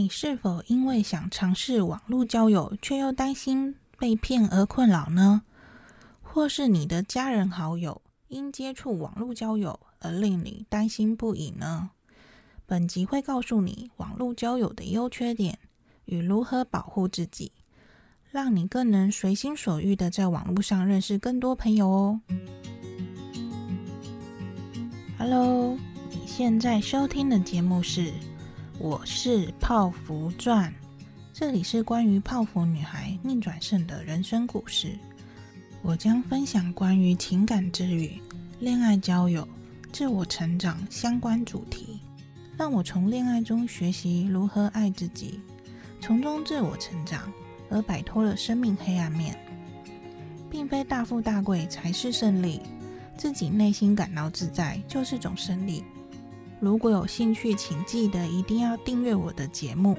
你是否因為想嘗試網路交友，卻又擔心被騙而困擾呢？或是你的家人好友，因接觸網路交友而令你擔心不已呢？本集會告訴你網路交友的優缺點與如何保護自己，讓你更能隨心所欲的在網路上認識更多朋友哦。Hello，你現在收聽的節目是。我是泡芙傳，這裡是關於泡芙女孩逆轉勝的人生故事。我將分享關於情感治癒、戀愛交友、自我成長相關主題，讓我從戀愛中學習如何愛自己，從中自我成長，而擺脫了生命黑暗面。並非大富大貴才是勝利，自己內心感到自在就是種勝利。如果有興趣，請記得一定要訂閱我的節目，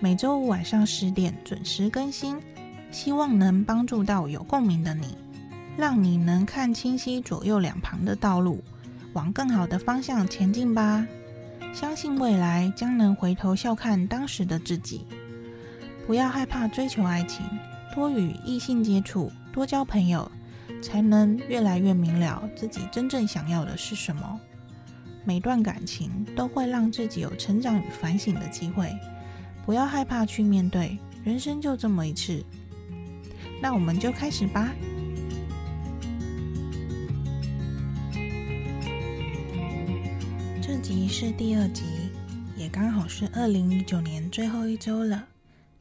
每周五晚上十點準時更新。希望能幫助到有共鳴的你，讓你能看清晰左右兩旁的道路，往更好的方向前進吧。相信未來將能回頭笑看當時的自己。不要害怕追求愛情，多與異性接觸，多交朋友，才能越來越明了自己真正想要的是什麼。每段感情都會讓自己有成長與反省的機會，不要害怕去面對，人生就這麼一次。那我們就開始吧。這集是第二集，也剛好是2019年最後一周了。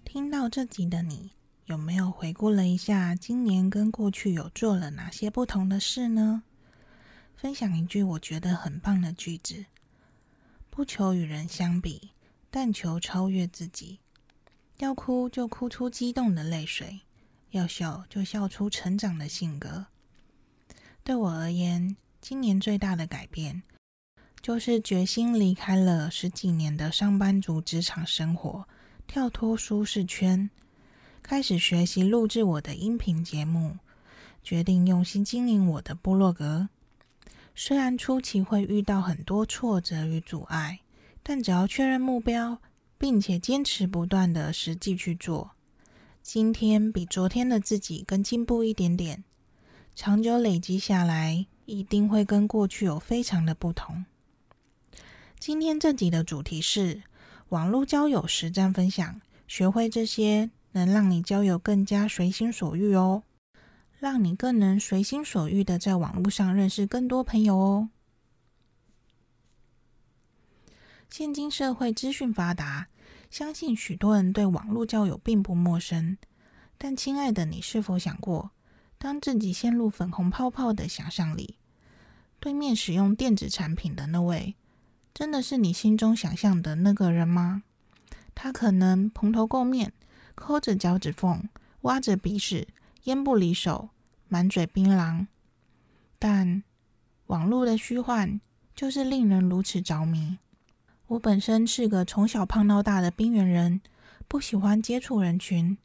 聽到這集的你，有沒有回顧了一下今年跟過去有做了哪些不同的事呢？分享一句我覺得很棒的句子：“不求與人相比，但求超越自己。要哭就哭出激動的淚水，要笑就笑出成長的性格。”對我而言，今年最大的改變就是決心離開了十幾年的上班族職場生活，跳脫舒適圈，開始學習錄制我的音頻節目，決定用心經營我的部落格。雖然初期會遇到很多挫折與阻礙，但只要確認目標，並且堅持不斷地實際去做，今天比昨天的自己更進步一點點，長久累積下來，一定會跟過去有非常的不同。今天這集的主題是網絡交友實戰分享，學會這些，能讓你交友更加隨心所欲哦。讓你更能隨心所欲的在網絡上認識更多朋友哦。現今社會資訊發達，相信許多人對網絡交友並不陌生。但親愛的，你是否想過，當自己陷入粉紅泡泡的想象裡，對面使用電子產品的那位，真的是你心中想象的那個人嗎？他可能蓬頭垢面，摳着腳趾縫，挖着鼻屎，煙不離手。滿嘴檳榔，但網絡的虛幻就是令人如此着迷。我本身是個從小胖到大的邊緣人，不喜歡接觸人群，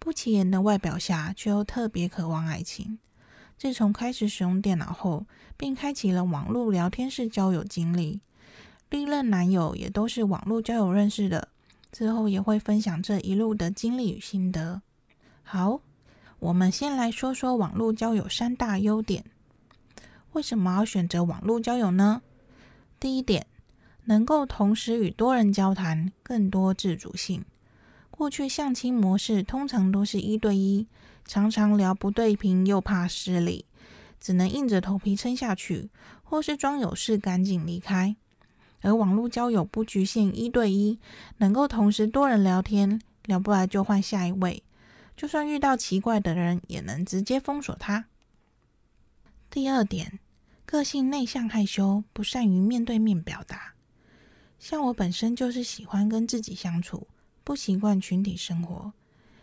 不起眼的外表下卻又特別渴望愛情。自從開始使用電腦後，並開啟了網絡聊天室交友經歷，歷任男友也都是網絡交友認識的。之後也會分享這一路的經歷與心得。好。我們先來說說網絡交友三大優點。為什麼要選擇網絡交友呢？第一點，能夠同時與多人交談，更多自主性。過去相親模式通常都是一對一，常常聊不對頻，又怕失禮，只能硬着頭皮撐下去，或是裝有事趕緊離開。而網絡交友不局限一對一，能夠同時多人聊天，聊不來就換下一位。就算遇到奇怪的人，也能直接封鎖他。第二點，個性內向害羞，不善於面對面表達。像我本身就是喜歡跟自己相處，不習慣群體生活。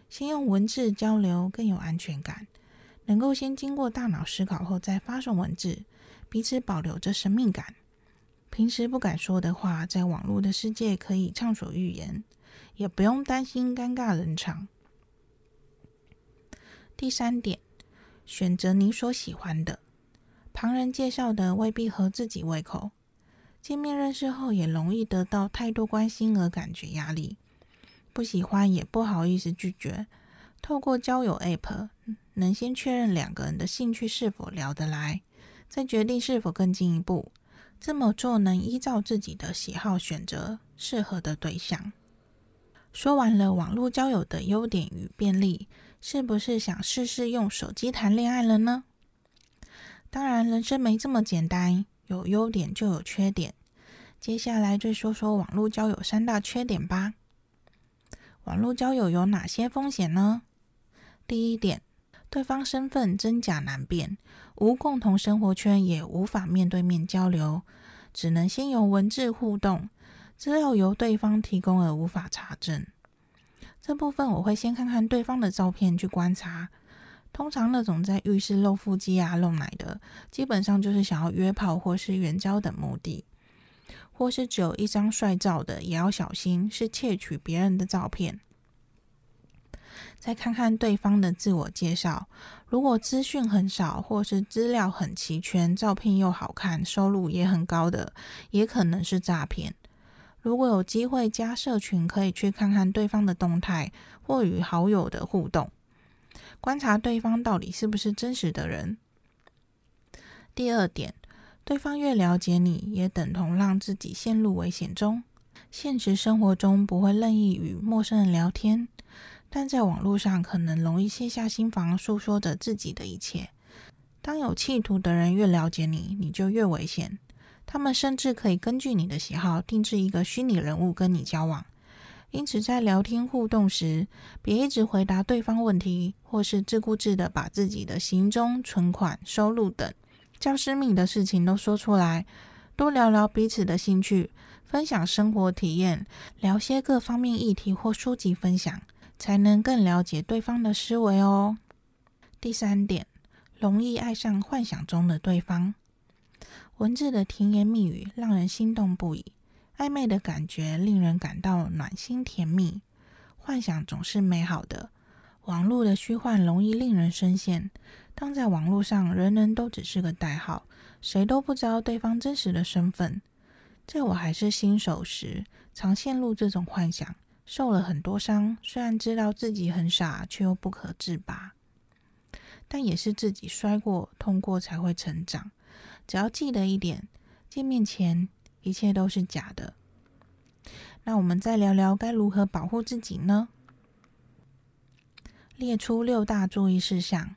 先用文字交流更有安全感，能夠先經過大腦思考後再發送文字，彼此保留着神秘感。平時不敢說的話，在網絡的世界可以暢所欲言，也不用擔心尷尬冷場。第三點，選擇你所喜歡的。旁人介紹的未必合自己胃口，見面認識後也容易得到太多關心而感覺壓力。不喜歡也不好意思拒絕。透過交友 App，能先確認兩個人的興趣是否聊得來，再決定是否更進一步。這麼做能依照自己的喜好選擇適合的對象。說完了網絡交友的優點與便利。是不是想試試用手機談戀愛了呢？當然，人生沒這麼簡單，有優點就有缺點。接下來，就說說網絡交友三大缺點吧。網絡交友有哪些風險呢？第一點，對方身份真假難辨，無共同生活圈，也無法面對面交流，只能先由文字互動，資料由對方提供而無法查證。這部分我會先看看對方的照片去觀察，通常那種在浴室露腹肌啊、露奶的，基本上就是想要約炮或是援交等目的；或是只有一張帥照的，也要小心是竊取別人的照片。再看看對方的自我介紹，如果資訊很少，或是資料很齊全、照片又好看、收入也很高的，也可能是詐騙。如果有機會加社群，可以去看看對方的動態或與好友的互動，觀察對方到底是不是真實的人。第二點，對方越了解你，也等同讓自己陷入危險中。現實生活中不會任意與陌生人聊天，但在網絡上可能容易卸下心防，訴說着自己的一切。當有企圖的人越了解你，你就越危險。他們甚至可以根據你的喜好定製一個虛擬人物跟你交往，因此在聊天互動時，別一直回答對方問題，或是自顧自的把自己的行蹤、存款、收入等較私密的事情都說出來，多聊聊彼此的興趣，分享生活體驗，聊些各方面議題或書籍分享，才能更了解對方的思維哦。第三點，容易愛上幻想中的對方。文字的甜言蜜語讓人心動不已，曖昧的感覺令人感到暖心甜蜜。幻想總是美好的，網絡的虛幻容易令人深陷。當在網絡上，人人都只是個代號，誰都不知道對方真實的身份。在我還是新手時，常陷入這種幻想，受了很多傷。雖然知道自己很傻，卻又不可自拔。但也是自己摔過、痛過，才會成長。只要記得一點：見面前一切都是假的。那我們再聊聊該如何保護自己呢？列出六大注意事項。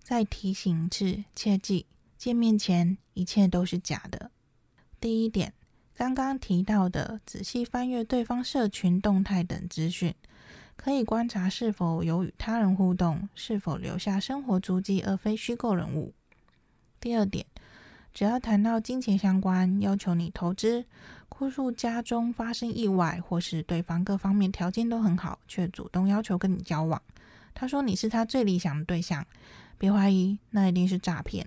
再提醒一次，切記：見面前一切都是假的。第一點，剛剛提到的，仔細翻閱對方社群動態等資訊，可以觀察是否有與他人互動，是否留下生活足跡，而非虛構人物。第二點。只要談到金錢相關，要求你投資，哭訴家中發生意外，或是對方各方面條件都很好，卻主動要求跟你交往。他說你是他最理想的對象，別懷疑，那一定是詐騙。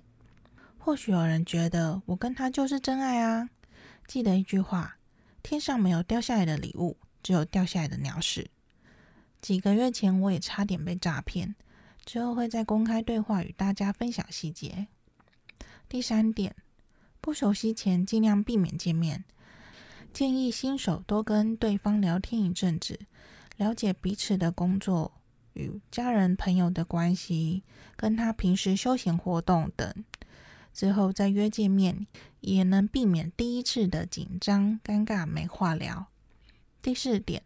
或許有人覺得我跟他就是真愛啊！記得一句話：天上沒有掉下來的禮物，只有掉下來的鳥屎。幾個月前我也差點被詐騙，之後會再公開對話與大家分享細節。第三點。不熟悉前，盡量避免見面。建議新手多跟對方聊天一陣子，了解彼此的工作、與家人朋友的關係、跟他平時休閒活動等。之後再約見面，也能避免第一次的緊張、尷尬、沒話聊。第四點，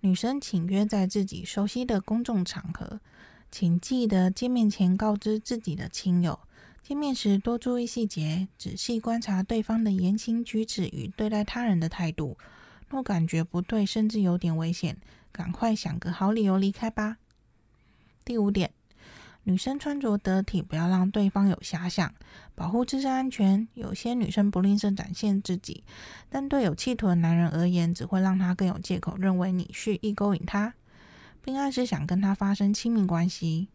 女生請約在自己熟悉的公眾場合，請記得見面前告知自己的親友。見面時多注意細節，仔細觀察對方的言行舉止與對待他人的態度。若感覺不對，甚至有點危險，趕快想個好理由離開吧。第五點，女生穿着得體，不要讓對方有遐想，保護自身安全。有些女生不吝嗇展現自己，但對有企圖的男人而言，只會讓他更有借口認為你蓄意勾引他，並暗示想跟他發生親密關係。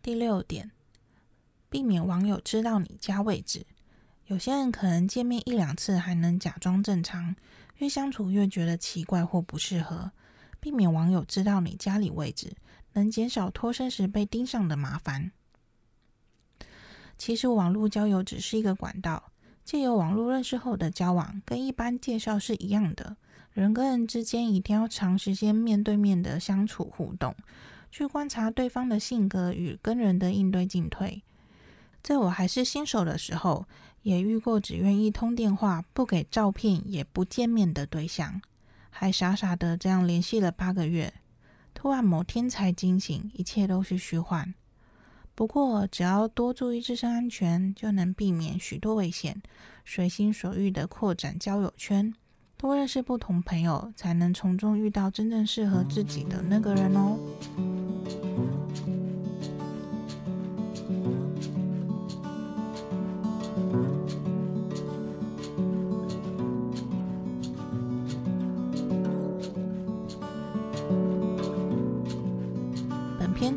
第六點。避免網友知道你家位置，有些人可能見面一兩次還能假裝正常，越相處越覺得奇怪或不適合。避免網友知道你家裡位置，能減少脫身時被盯上的麻煩。其實網絡交友只是一個管道，藉由網絡認識後的交往，跟一般介紹是一樣的。人跟人之間一定要長時間面對面的相處互動，去觀察對方的性格與跟人的應對進退。在我還是新手的時候，也遇過只願意通電話、不給照片、也不見面的對象，還傻傻的這樣聯繫了八個月。突然某天才驚醒，一切都是虛幻。不過，只要多注意自身安全，就能避免許多危險。隨心所欲的擴展交友圈，多認識不同朋友，才能從中遇到真正適合自己的那個人哦。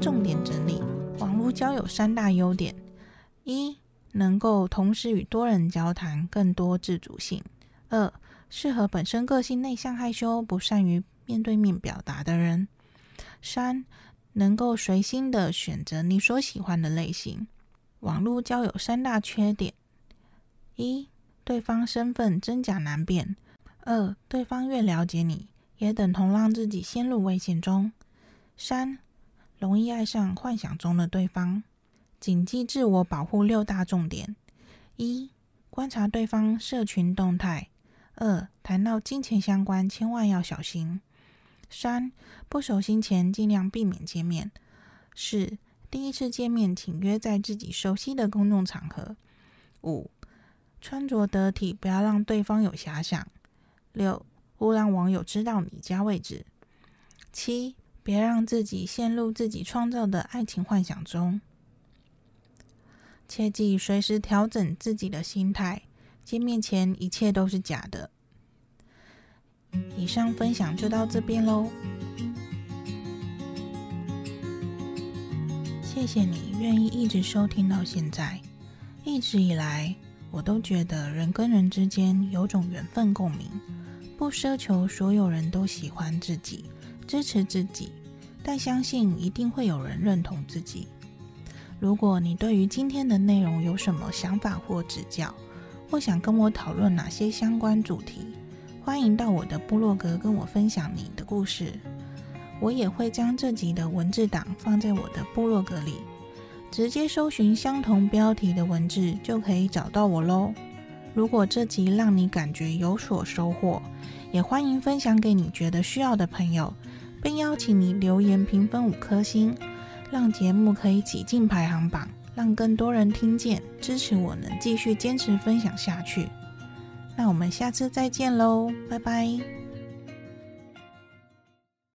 重點整理：網絡交友三大優點：一、能夠同時與多人交談，更多自主性；二、適合本身個性內向、害羞、不善於面對面表達的人；三、能夠隨心地選擇你所喜歡的類型。網絡交友三大缺點：一、對方身份真假難辨；二、對方越了解你，也等同讓自己陷入危險中；三、容易愛上幻想中的對方，謹記自我保護六大重點：一、觀察對方社群動態；二、談到金錢相關，千萬要小心；三、不守心錢，盡量避免見面；四、第一次見面，請約在自己熟悉的公眾場合；五、穿着得體，不要讓對方有遐想；六、勿讓網友知道你家位置；七。別讓自己陷入自己創造的愛情幻想中，切記隨時調整自己的心態。見面前，一切都是假的。以上分享就到這邊嘍。謝謝你願意一直收聽到現在。一直以來，我都覺得人跟人之間有種緣分共鳴，不奢求所有人都喜歡自己。支持自己，但相信一定會有人認同自己。如果你對於今天的內容有什麼想法或指教，或想跟我討論哪些相關主題，歡迎到我的部落格跟我分享你的故事。我也會將這集的文字檔放在我的部落格裡，直接搜尋相同標題的文字就可以找到我嘍。如果這集讓你感覺有所收穫，也歡迎分享給你覺得需要的朋友。並邀請你留言評分五顆星，讓節目可以擠進排行榜，讓更多人聽見，支持我能繼續堅持分享下去。那我們下次再見嘍，拜拜。